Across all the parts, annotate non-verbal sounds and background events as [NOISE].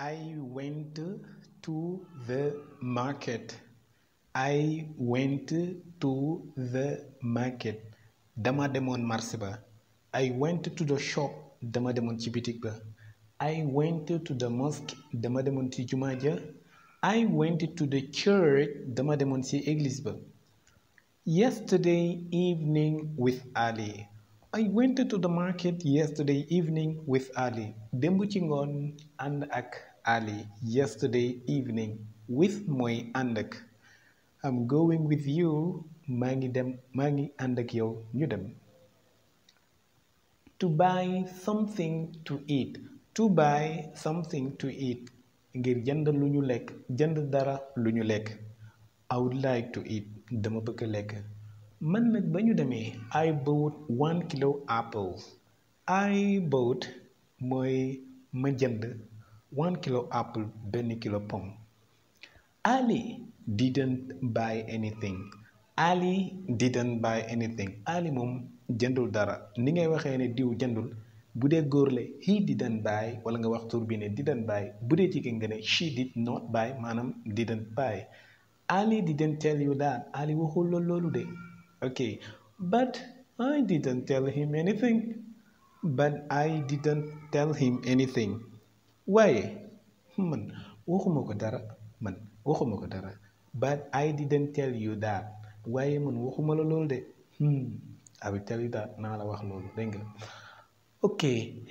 I went to the market. I went to the market. dama demoon marché ba. I went to the shop. dama demoon ci bitig ba. I went to the mosque. dama demoon ci jumaa ja. I went to the church. dama demoon ci église ba. Yesterday evening with Ali. I went to the market yesterday evening with Ali. démb ci ngoon ànd ak Ali. yesterday evening. with mooy ànd ak. I'm going with you. maa ngi dem maa ngi ànd ak yow ñu dem. to buy something to eat. to buy something to eat. ngir jënd lu ñu lekk. jënd dara lu ñu lekk. I would like to eat. dama bëgg lekk. man nag ba ñu demee I bought one kilo apple I bought mooy ma jënd one kilo apple benn kilo pomme Ali didn't buy anything Ali didn't buy anything Ali moom jëndul dara ni ngay waxee ne diw jëndul bu dee góor la he didn't buy wala nga wax turbine bi ne didn't buy bu dee jigéen nga ne she did not buy maanaam didn't buy Ali didn't tell you that Ali waxul loolu de. Okay, but I didn't tell him anything. But I didn't tell him anything. waaye man waxuma ko dara man waxuma ko dara but I didn't tell you that waaye man waxuma la loolu de hmm I will tell you that naa la wax loolu dégg nga ok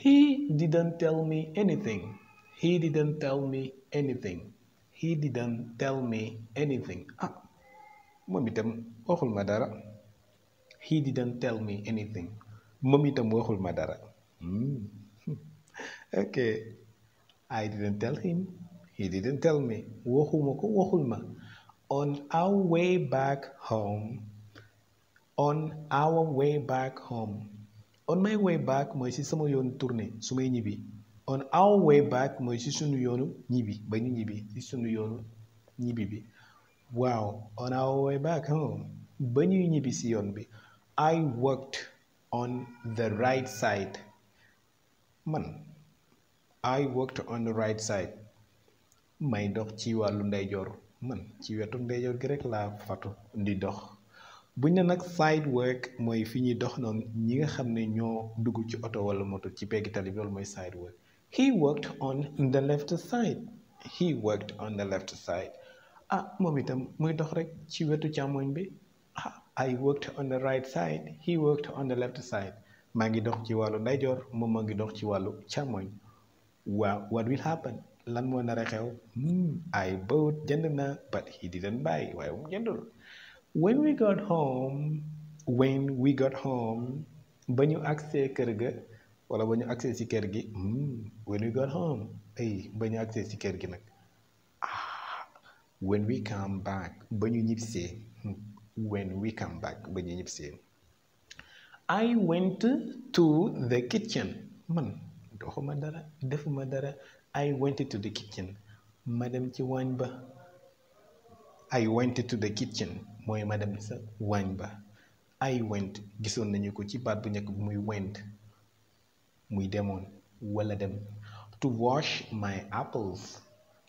he didn't tell me anything he didn't tell me anything he didn't tell me anything ah moom itam waxul ma dara. he didn't tell me anything moom itam waxul ma dara hmm. [LAUGHS] ok I didn't tell him he didn't tell me waxuma ko waxul ma on our way back home on our way back home on my way back mooy ci sama yoonu tournée su may ñibbi on our way back mooy ci sunu yoonu ñibbi ba ñu ñibbi ci sunu yoonu ñibbi bi waaw on our way back home ba ñuy ñibbi ci yoon bi I worked on the right side man I worked on the right side may dox ci wàllu ndeyjoor man ci wetu ndeyjoor gi rek laa fatu di dox buñ ne nag side work mooy fi ñuy dox noonu ñi nga xam ne ñoo dugg ci oto wala moto ci pegg tali mooy side work he worked on the left side he worked on the left side ah moom itam muy dox rek ci wetu càmmoñ bi I worked on the right side maa ngi dox ci wàllu ndeyjoor moom maa ngi dox ci wàllu càmmoñ waaw what will happen lan moo nar xew hmm, I bought jënd na but he didn't buy waaye moom jëndul when we got home when we got home ba ñu agsee kër ga wala ba ñu agsee ci kër gi hmm, when we got home ay ba ñu agsee ci kër gi nag ah when we come back ba ñu ñibbisee hmm. when we come back ba ñu ñëpp see I went to the kitchen man doxuma dara defuma dara I went to the kitchen ma dem ci waañ ba I went to the kitchen mooy ma dem sa waañ ba I went gisoon nañu ko ci baat bu njëkk bu muy went muy demoon walla dem to wash my apples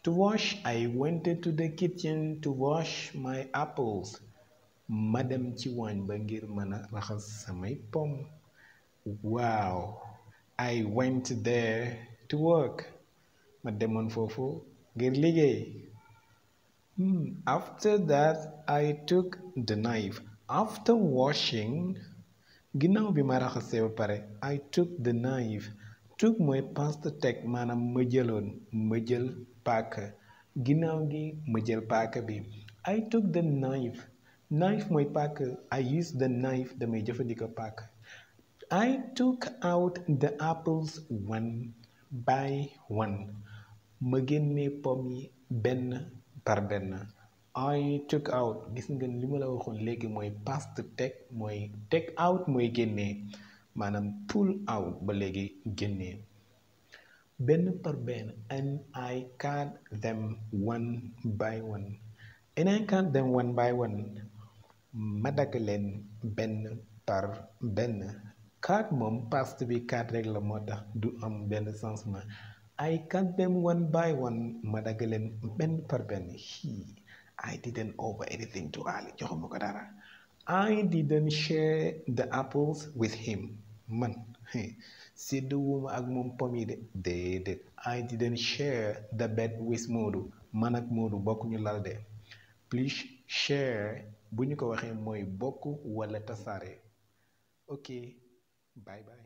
to wash I went to the kitchen to wash my apples ma dem ci waañ ba ngir mën a raxas samay pom waaw I went there to work ma demoon foofu ngir liggéey hmm, after that I took the knife after washing ginnaaw bi ma raxasee ba pare I took the knife took mooy past teg maanaam ma jëloon ma jël paaka ginnaaw gi ma jël paaka bi I took the knife knife mooy paaka I use the knife damay jëfandikoo paaka I took out the apples one by one ma génne pom yi benn par benn I took out gis nga li ma la waxoon léegi mooy past take mooy take out mooy génne maanaam pull out ba léegi génne benn par benn and I cut them one by one and I cut them one by one ma dagg leen benn par benn kaat moom past bi kaat rek la moo tax du am benn changement I count them one by one ma dagg leen benn par benn he I didn't over anything to Ali joxuma ko dara I didn't share the apples with him man séddoowuma ak moom pom yi de déedéet I didn't share the bed with Moodu man ak Moodu bokkuñu lal de share bu ñu ko waxee mooy bokk walla tasaare ok bye bye.